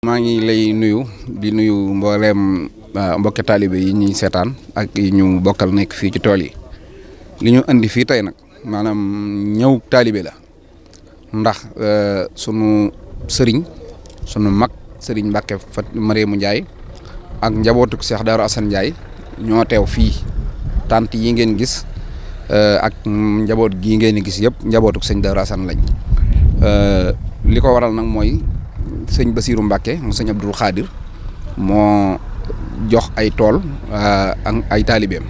maa ngi lay nuyu di nuyu mbooleem ah, mbokke taalibe yi ñuy seetaan ak yi ñu bokkal nekk fii ci tool yi li ñu indi fii tey nag maanaam ñëw taalibe la ndax eh, sunu sëriñ sunu mag sëriñ Mbàkke Fat Mariamu Njaay ak njabootuk Seex Daaru Asan Njaay ñoo teew fii tant yi ngeen gis eh, ak njaboot gii ngeen gis yëpp njabootuk sëñ Daaru Asan lañ eh, li ko waral nag mooy sëñ Basiiru Mbàkke mu sëñ Abdul Xaadir moo jox ay tool ah, ak ay taalibeem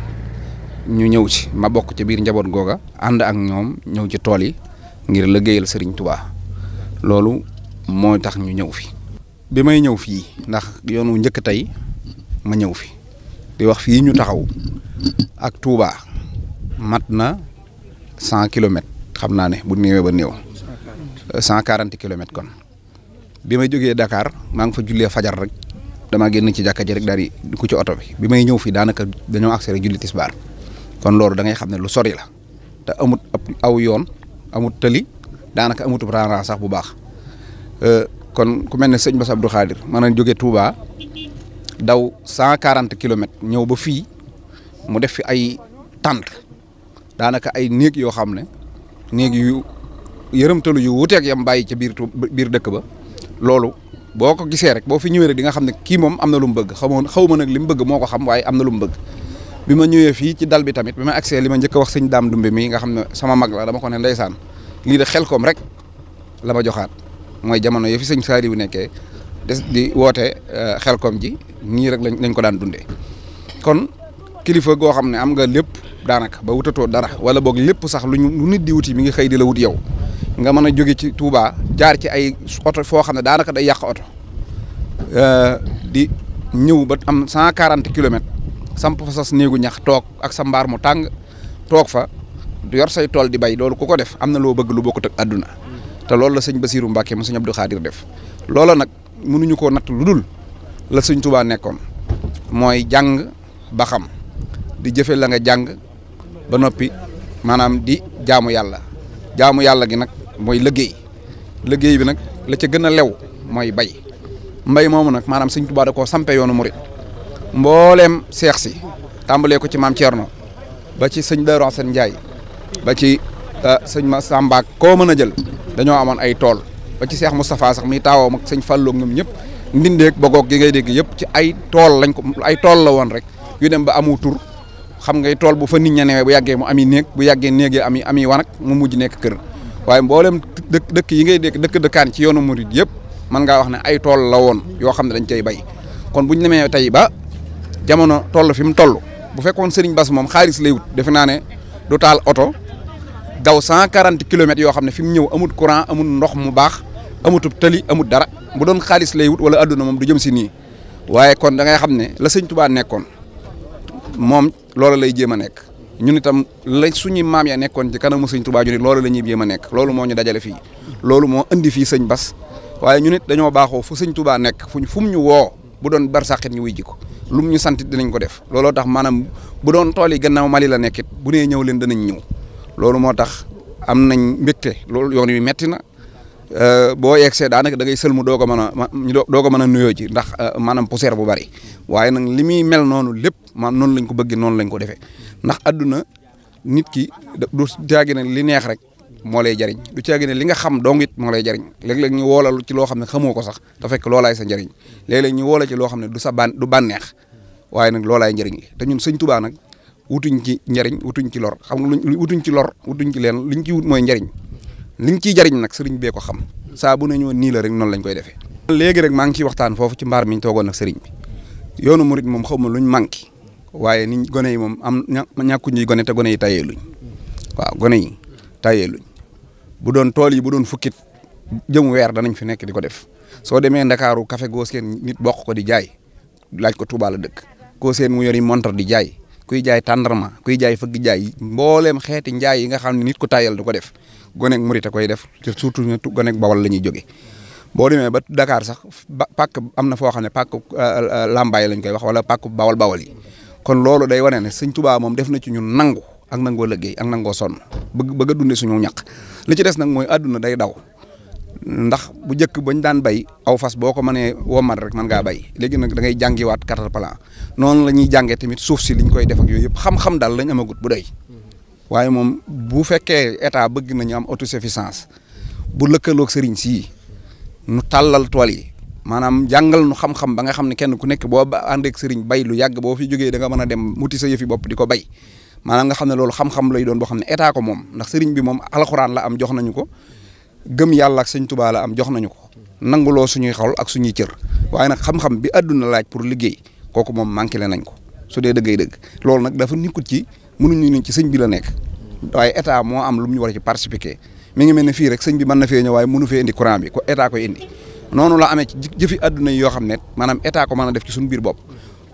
ñu ñëw ci ma bokk ci biir njaboot googa ànd ak ñoom ñëw ci tool yi ngir liggéeyal sëriñ Tubaa loolu moo tax ñu ñëw fi bi may ñëw fii ndax yoonu njëkk tey ma ñëw fi di wax fii ñu taxaw ak Touba mat na cent kilomètres xam naa ne bu néewee ba néew cent quarante kilomètres kon bi may jógee dakaar maa ngi fa jullee fajar rek damaa génn ci jàkka ji rek daal di ku ci oto bi bi may ñëw fii daanaka dañoo accès rek julli tisbaar kon loolu da ngay xam ne lu sori la te amut aw yoon amut tëli daanaka amut raaraa sax bu baax euh, kon ku mel ne sëñ Bass Abdou Khadir maanaam jóge Touba daw cent quarante kilomètres ñëw ba fii mu def fi ay tànt daanaka ay néeg yoo xam ne néeg yu yërëmtalu yu wuteeg yam bàyyi ca biir dëkk ba loolu boo ko gisee rek boo fi ñëwee rek di nga xam ne kii moom am na lu mu bëgg xamoon xaw ma nag li mu bëgg moo ko xam waaye am na lu mu bëgg bi ma ñëwee fii ci dal bi tamit bi ma agsee li ma njëkk a wax sëñ daam dumbe xam ne sama mag la dama ko ne ndeysaan lii de xel koom rek la ma joxaat mooy jamono yo sëñ saari bu nekkee des di woote euh, xel koom ji nii rek lañ ko daan dundee kon kilifa goo xam ne am nga lépp daanaka ba wutatoo dara wala boog lépp sax lu nit di wuti mi ngi xëy di la wut yow nga mën a jóge ci Touba jaar ci ay oto foo xam ne daanaka day yàq oto euh, di ñëw ba am cent quarante kilomètres samp fa sas néegu ñax toog ak sa mbaar mu tàng toog fa du yor say tool di bay loolu ku ko def am na loo bëgg lu bokkut ak àdduna te loolu la sëñ Basirou Mbacke mu sëñ Abdou Khadir def loola nag mënuñu koo natt lu dul la sëñ Touba nekkoon mooy jàng ba xam di jëfee la nga jàng ba noppi maanaam di jaamu yàlla jaamu yàlla gi nag mooy liggéey liggéey bi nag la ca gën a lew mooy bay mbay moomu nag maanaam sëñ Tuubaa ko koo sampe yoonu murit mbooleem seex si tàmbalee ko ci maam Thierno ba ci sëñ Darou seen njaay ba ci eh, sëñ ma ak koo mën a jël dañoo amoon ay tool ba ci seex Moustapha sax mi taawoo ak sëñ Fallou ñoom ñëpp ndindeeg bogoog gi ngay dégg yëpp ci ay tool lañ ko ay tool la woon rek yu dem ba amu tur xam ngay tool bu fa nit ña newee bu yàggee mu ami néeg bu yàggee néegee ami ami wanag mu mujj nekk kër waaye mboolem dëkk dëkk yi ngay dégg dëkk dëkkaan ci yoonu murid yëpp man ngaa wax ne ay tool la woon yoo xam ne dañ cay bay kon bu ñu demee tey ba jamono toll fi mu toll bu fekkoon Serigne Bass moom xaalis lay defe naa ne du oto daw cent quarante kilomètres yoo xam ne fi mu ñëw amut courant amut ndox mu baax amutub tali amut dara bu doon xaalis lay wut wala adduna moom du jëm si nii waaye kon dangay xam ne la Sëñ Tuubaa nekkoon moom loola lay jéem a nekk ñun itam la suñu maam ya nekkoon ci kanamu sëñ Tuubaa ñu ne loola la ñuy a nekk loolu moo ñu dajale fii loolu moo indi fii sëñ Bas waaye ñun it dañoo baaxoo fu sëñ Tuubaa nekk fuñ fu mu ñu woo bu doon bar sàqit ñu wuy ji ko lum ñu sant dinañ ko def looloo tax maanaam bu doon tool yi gannaaw Mali la nekkit bu nee ñëw leen danañ ñëw loolu moo tax am nañ mbégte loolu yoonu wi metti na euh, boo yegsee daanaka da ngay sëlmu doo ko mën a ñu doo ko mën a nuyoo ji ndax euh, maanaam poussière bu bari waaye nag li muy mel noonu lépp maam noonu lañ ko bëggee noonu lañ ko defee ndax adduna nit ki du caagi ne li neex rek moo lay jariñ du caagi ne li nga xam dong it moo lay jariñ léeg-léeg ñu woolalu ci loo xam ne xamoo ko sax te loolaay sa njariñ léeg ñu woola ci loo xam ne du sa ban du bànneex waaye nag loolaay njariñ li te ñun sëñ Tuubaa nag wutuñ ci njariñ wutuñ ci lor xam nga luñ ci lor wutuñ ci leen liñ ci wut mooy njariñ liñ ciy jariñ nag sëriñ bee ko xam saa bu ne ñoo nii la rek noonu lañ koy defee léegi rek maa ngi ciy waxtaan foofu ci mbaar mi ñu toogoon nag sëriñ bi yoonu murit moom xaw ma luñ manqué waaye niñ gone yi moom am ñàkku ñuy gone te gone yi tayee luñ waaw gone yi tayee luñ bu doon tool yi bu doon fukkit jëm weer danañ fi nekk di ko def soo demee ndakaaru café goo seen nit bokk ko di jaay laaj ko Touba la dëkk koo seen mu yori montar di jaay kuy jaay tàndarma kuy jaay fëgg jaay mbooleem xeeti njaay yi nga xam ne nit ku tayal du ko def gonek murit koy def surtout gonek bawal la ñuy jóge boo demee ba dakaar sax pàkk am na foo xam ne pàkk euh, euh, làmbaay lañ koy wax wala pàkk bawal bawal yi kon loolu day wane ne sëñ Tuubaa moom def na ci ñun nangu ak nangoo liggéey ak nangoo sonn bëgg bëgg a dunde suñu ñaq li ci des nag mooy àdduna day daw ndax bu njëkk bañ daan bay aw fas boo ko mënee womat rek mën ngaa bay léegi nag da ngay jàngiwaat cataplan noonu la ñuy jàngee tamit suuf si liñ koy def yooyu yëpp xam-xam daal lañ amagut bu doy waaye moom bu fekkee état bëgg nañu am autosuffisance bu lëkkaloog sëriñ sii nu tàllal tool yi maanaam jàngal nu xam-xam ba nga xam ne kenn ku nekk boo ba ak sëriñ bay lu yàgg boo fi jógee da nga mën a dem muti sa yëfi bopp di ko bay maanaam nga xam ne loolu xam lay doon boo xam ne état ko moom ndax sëriñ bi moom alxuraan la am jox nañu ko gëm yàlla ak sëñ tubaa la am jox nañu ko nanguloo suñuy xol ak suñuy cër waaye nag xam-xam bi àdduna laaj pour liggéey kooku moom manqué nañ ko su dee dëggee dëgg loolu nag dafa nikkut ci ñu ni ci sëñ bi la nekk waaye état moo am lu mu ñu war a ci participer mi ngi mel ne fii rek sëñ bi mën na fee ñëw waaye mënu fee indi courant bi ko état koy indi noonu la amee ci jëfi àdduna yi yoo xam ne maanaam état ko mën a def ci suñu biir bopp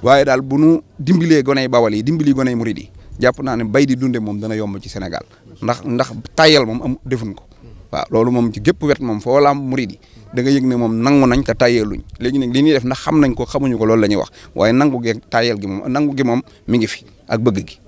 waaye daal bu nu dimbalee goney bawal yi dimbali goney murid yi jàpp naa ne bay di dunde moom dana yomb ci Sénégal ndax ndax tayal moom am defuñ ko waaw loolu moom ci gépp wet moom foo la am murid yi da nga yëg ne moom nangu nañ te tayeluñ léegi nag li ñuy def ndax xam nañ ko xamuñu ko loolu la ñuy wax waaye nangu ge tayel gi moom nangu gi moom mi ngi fi ak bëgg gi